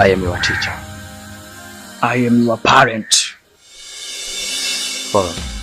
I am your teacher. I am your parent. Follow me.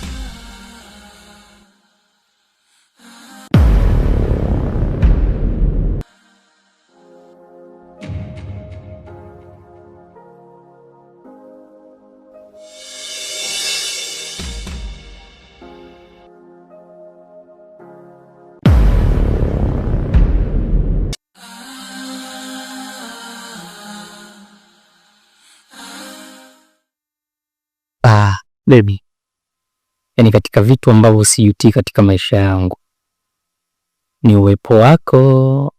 baby, yani katika vitu ambavyo sijutii katika maisha yangu ni uwepo wako.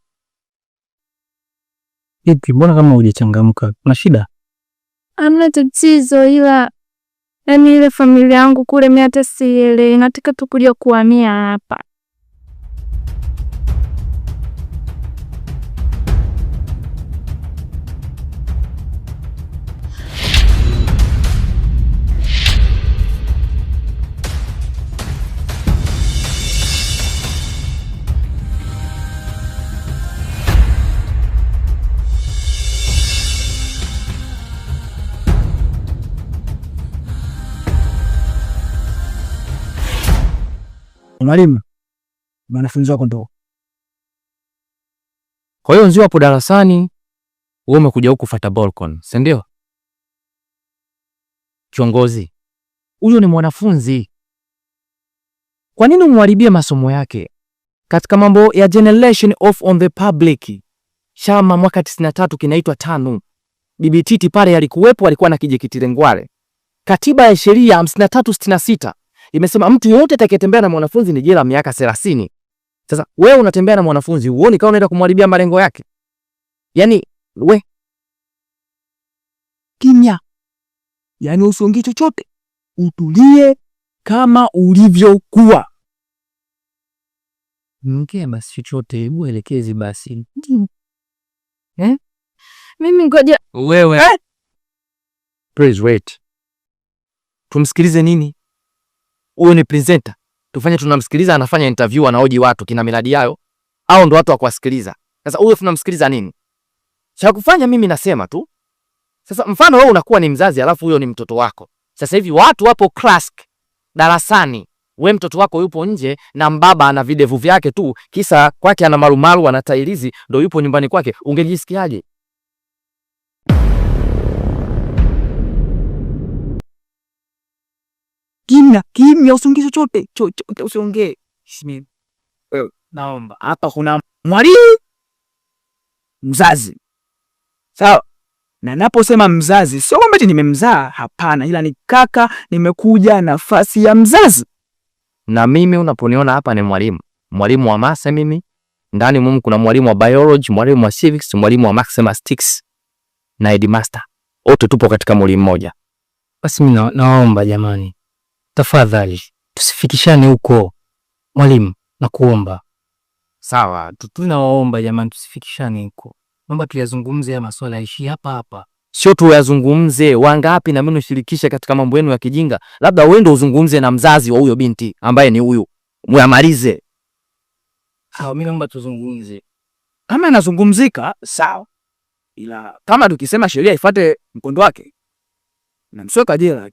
Vipi, mbona kama hujachangamka? Kuna shida? Amna tatizo, ila yani ile familia yangu kule mimi hata sielewi, nataka tu kuja kuhamia hapa. mwalimu, mwanafunzi wako ndo. Kwa hiyo nzio hapo darasani, wewe umekuja huku kufuata Balkon, si ndio? Kiongozi huyo ni mwanafunzi, kwa nini umharibie masomo yake? Katika mambo ya generation of on the public chama mwaka 93 kinaitwa tano, Bibi Titi pale alikuwepo, alikuwa na Kijekiti katiba ya sheria 5366 imesema mtu yote atakayetembea na mwanafunzi ni jela miaka 30. Sasa wewe unatembea na mwanafunzi, uone kama unaenda kumharibia malengo yake? Yaani we kimya, yaani usiongee chochote, utulie kama ulivyokuwa. Mke basi chochote, hebu elekezi basi eh? Mimi ngoja wewe eh? Please wait, tumsikilize nini? huyu ni presenter, tufanye tunamsikiliza, anafanya interview, anaoji watu kina miradi yao, au ndo watu wa kuwasikiliza? Sasa huyu tunamsikiliza nini? Cha kufanya mimi nasema tu sasa, mfano wewe unakuwa ni mzazi, alafu huyo ni mtoto wako. Sasa hivi watu wapo class darasani, we mtoto wako yupo nje na mbaba ana videvu vyake tu, kisa kwake ana marumaru, ana tailizi, ndo yupo nyumbani kwake, ungejisikiaje? kimya kimya, usiongee chochote chochote, usiongee. Wewe naomba hapa, kuna mwalimu mzazi, sawa na naposema mzazi sio kwamba nimemzaa, hapana, ila ni kaka, nimekuja nafasi ya mzazi. Na mimi unaponiona hapa ni mwalimu, mwalimu wa masa. Mimi ndani mumu kuna mwalimu wa biology, mwalimu wa civics, mwalimu wa mathematics na headmaster, wote tupo katika mwalimu mmoja. Basi mimi naomba jamani, Tafadhali tusifikishane huko mwalimu, nakuomba. Sawa, tunawaomba jamani, tusifikishane huko, naomba tuyazungumze ya masuala yaishi hapa hapa, sio tuyazungumze. Wangapi na mimi ushirikishe katika mambo yenu ya kijinga, labda wewe ndio uzungumze na mzazi wa huyo binti ambaye ni huyu, muyamalize. Sawa, mimi naomba tuzungumze. Kama anazungumzika sawa, ila kama tukisema sheria ifuate mkondo wake na msweka jela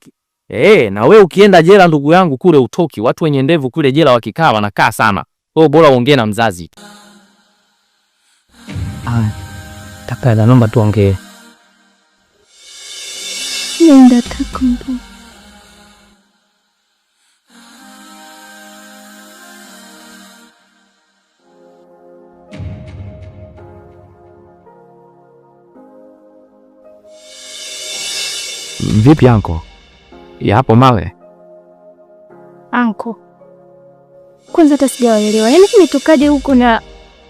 Eh, na we ukienda jela ndugu yangu kule utoki. Watu wenye ndevu kule jela wakikaa wanakaa sana. Wewe bora uongee na mzazi. Ah, kaka naomba tuongee. Nenda takumbu. Vipi yanko? ya hapo mawe. Anko, kwanza hata sijawaelewa, yaani kimetokaje huko na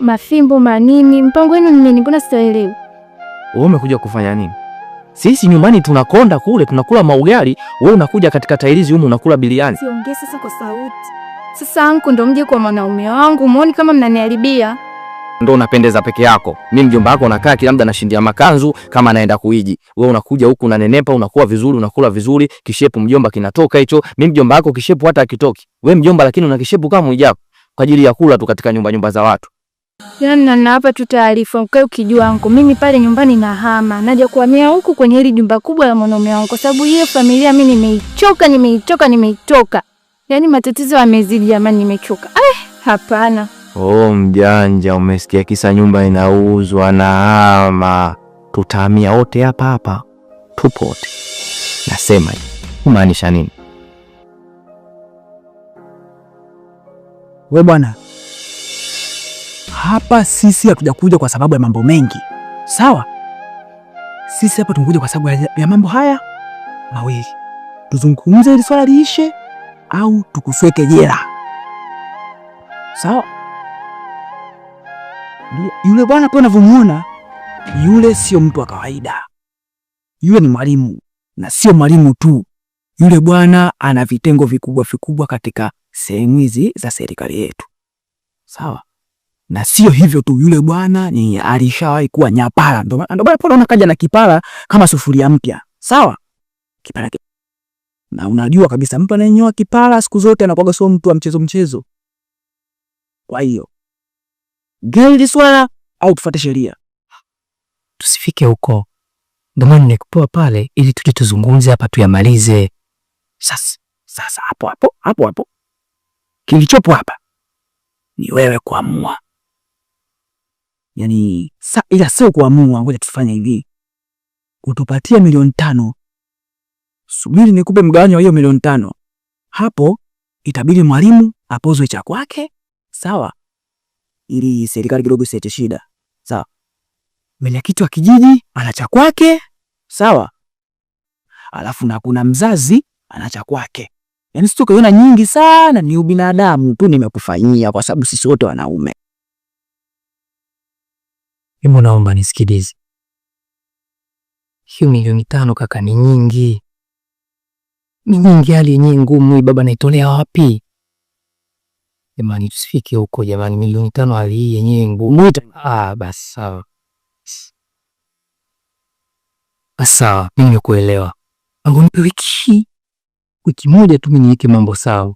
mafimbo manini? Mpango wenu ni nini? Mbona sijaelewa. Wewe umekuja kufanya nini? Sisi nyumbani tunakonda kule, tunakula maugali, wewe unakuja katika tailizi humu unakula biliani. Siongee sasa kwa sauti. Sasa anko, ndo mje kwa mwanaume wangu, muone kama mnaniharibia ndo unapendeza peke yako. Mi mjomba wako unakaa kila mda nashindia makanzu kama anaenda kuiji. Wewe unakuja huku unanenepa, unakuwa vizuri, unakula vizuri, kishepu mjomba kinatoka hicho. Mi mjomba wako kishepu hata akitoki. Wewe mjomba, lakini una kishepu kama mwijaku kwa ajili ya kula tu katika nyumba nyumba za watu. Yaani na hapa tu taarifa ukae ukijua wangu. Mimi pale nyumbani na hama Naja kuhamia huku kwenye hili jumba kubwa la mwanaume wangu kwa sababu hiyo familia mimi nimeichoka, nimeichoka, nimeichoka. Yani matatizo yamezidi jamani nimechoka. Eh, hapana. Oh, mjanja, umesikia kisa nyumba inauzwa na hama, tutahamia wote hapa hapa, tupo wote. Nasema hivi, umaanisha nini we bwana? Hapa sisi hatujakuja kwa sababu ya mambo mengi, sawa? Sisi hapa tumekuja kwa sababu ya mambo haya mawili, tuzungumze ili swala liishe au tukusweke jela, sawa? Yule bwana pia unavyomuona yule sio mtu wa kawaida, yule ni mwalimu, na sio mwalimu tu. Yule bwana ana vitengo vikubwa vikubwa katika sehemu hizi za serikali yetu, sawa? Na sio hivyo tu, yule bwana ni alishawahi kuwa nyapara, ndo maana pale unakaja na kipara kama sufuria mpya, sawa? Kipara na unajua kabisa mtu anayenyoa kipara siku zote anakuwa sio mtu wa mchezo mchezo. Kwa hiyo gari hili swala au tufuate sheria? Tusifike huko, ndio maana nikupoa pale ili tuje tuzungumze hapa tuyamalize. Sasa sasa, hapo hapo hapo hapo, kilichopo hapa ni wewe kuamua, yaani sa, ila sio kuamua. Ngoja tufanye hivi, utupatie milioni tano, subiri nikupe mgawanyo wa hiyo milioni tano. Hapo itabidi mwalimu apozwe cha kwake, sawa ili serikali kidogo isiete shida. Sawa. Mwenyekiti wa kijiji ana cha kwake, sawa, alafu na kuna mzazi ana cha kwake. Yaani sisi nyingi sana, ni ubinadamu tu nimekufanyia, kwa sababu sisi wote wanaume. Hebu naomba nisikilize, hiyo milioni tano kaka, ni nyingi, ni nyingi, hali yenyewe ngumu, baba naitolea wapi? Jamani, tusifike huko jamani, milioni tano hali hii yenyewe ngumu. Ah, basi sawa, sawa, mimi nimekuelewa. Angu nipe wiki wiki moja tu, mimi niweke mambo sawa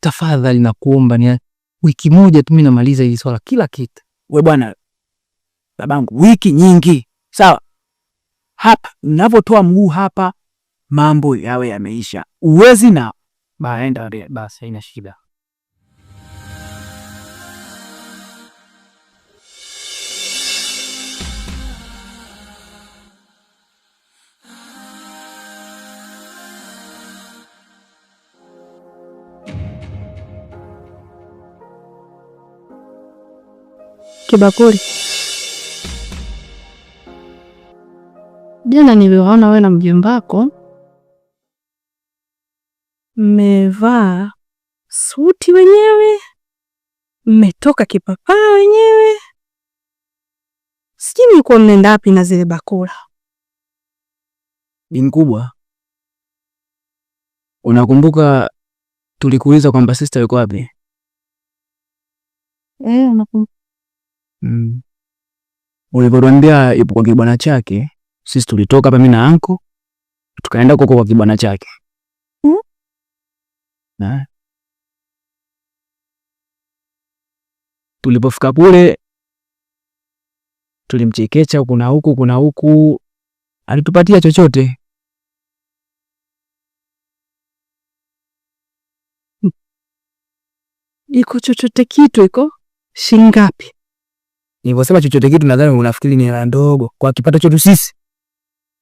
tafadhali, nakuomba ni wiki moja tu, mimi namaliza hili swala kila kitu. We bwana babangu, wiki nyingi sawa. Hapa navyotoa mguu hapa, mambo yawe yameisha. Uwezi na baenda basi, haina shida. kibakuli. Jana niliwaona wewe na mjomba wako mmevaa suti wenyewe, mmetoka kipapaa wenyewe, sijui mlikuwa mnaenda wapi na zile bakula. Bin kubwa, unakumbuka tulikuuliza kwamba sister yuko wapi? Eh, unakumbuka Mm. Ulivyotuambia ipo kwa kibwana chake, sisi tulitoka hapa mimi na anko tukaenda huko kwa kibwana chake mm. na tulipofika kule tulimchekecha kuna na huku kuna huku, alitupatia chochote iko chochote kitu iko shingapi? Nilivyosema chochote kitu nadhani unafikiri ni hela ndogo. Kwa kipato chetu sisi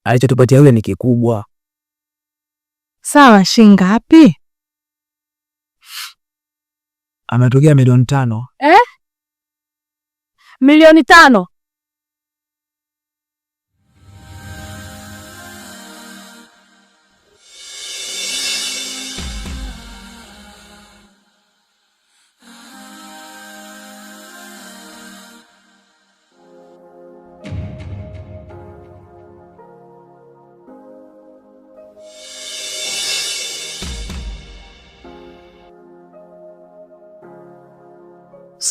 alichotupatia yule ni kikubwa. Sawa, shingapi? Ametokea milioni tano. Eh? Milioni tano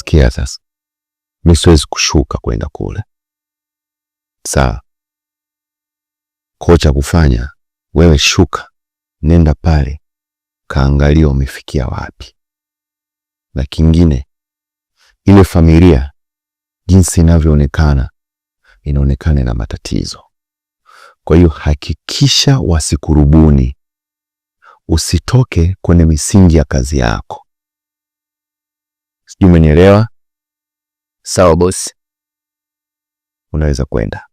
Sikia sasa, mi siwezi kushuka kwenda kule, sawa? Kocha kufanya wewe, shuka nenda pale, kaangalia umefikia wapi. Na kingine, ile familia jinsi inavyoonekana inaonekana na matatizo. Kwa hiyo hakikisha wasikurubuni, usitoke kwenye misingi ya kazi yako. Sijui umenielewa? Sawa bosi, unaweza kwenda,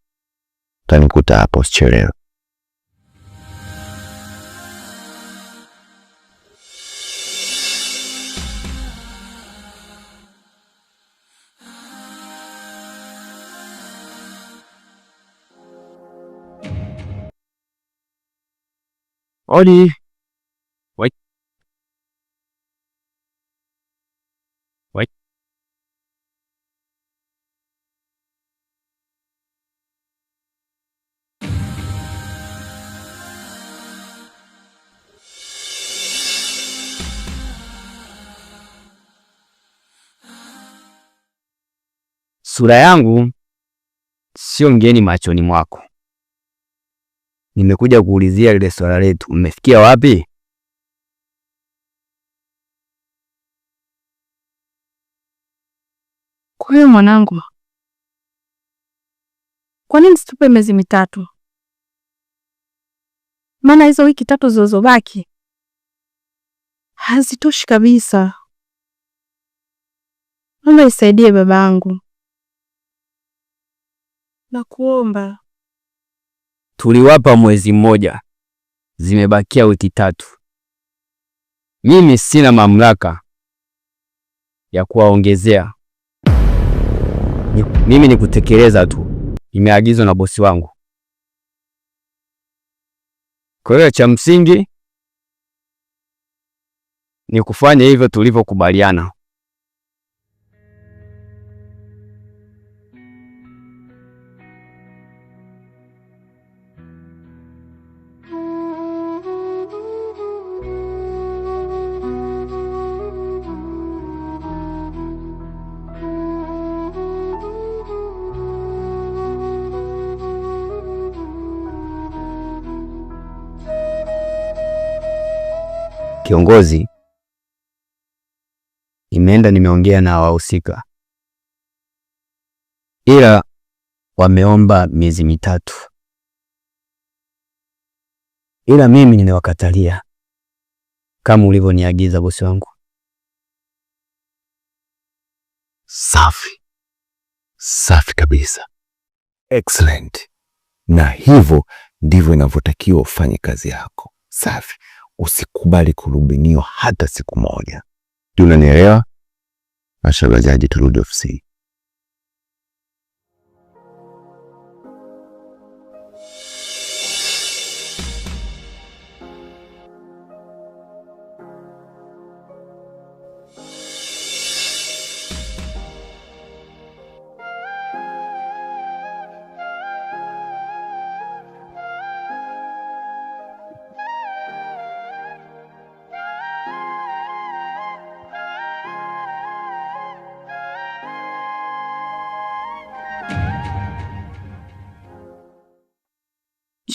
utanikuta hapo, usichelewe. Odi. Sura yangu sio mgeni machoni mwako. Nimekuja kuulizia lile swala letu, mmefikia wapi? Kwa hiyo mwanangu, kwa nini situpe miezi mitatu? Maana hizo wiki tatu zilizobaki hazitoshi kabisa. Naomba isaidie babangu na kuomba. Tuliwapa mwezi mmoja, zimebakia wiki tatu. Mimi sina mamlaka ya kuwaongezea, mimi ni kutekeleza tu, imeagizwa na bosi wangu. Kwa hiyo cha msingi ni kufanya hivyo tulivyokubaliana. kiongozi, imeenda nimeongea na wahusika, ila wameomba miezi mitatu, ila mimi nimewakatalia kama ulivyoniagiza bosi wangu. Safi safi kabisa, excellent. Na hivyo ndivyo inavyotakiwa ufanye kazi yako. Safi usikubali kurubuniwa hata siku moja. Unanielewa? Mashallah, turudi ofisini.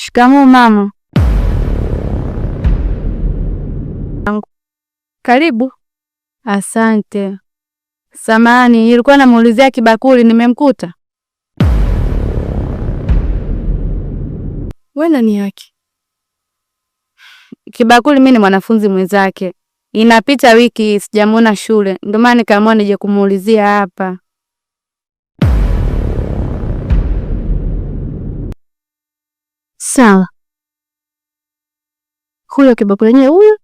Shikamoo mama. Karibu. Asante. Samani, ilikuwa namuulizia kibakuli nimemkuta. We nani yake? Kibakuli mimi ni mwanafunzi mwenzake, inapita wiki sijamuona shule, ndio maana nikaamua nije kumuulizia hapa. Sawa, huyo kebab lenyewe huyo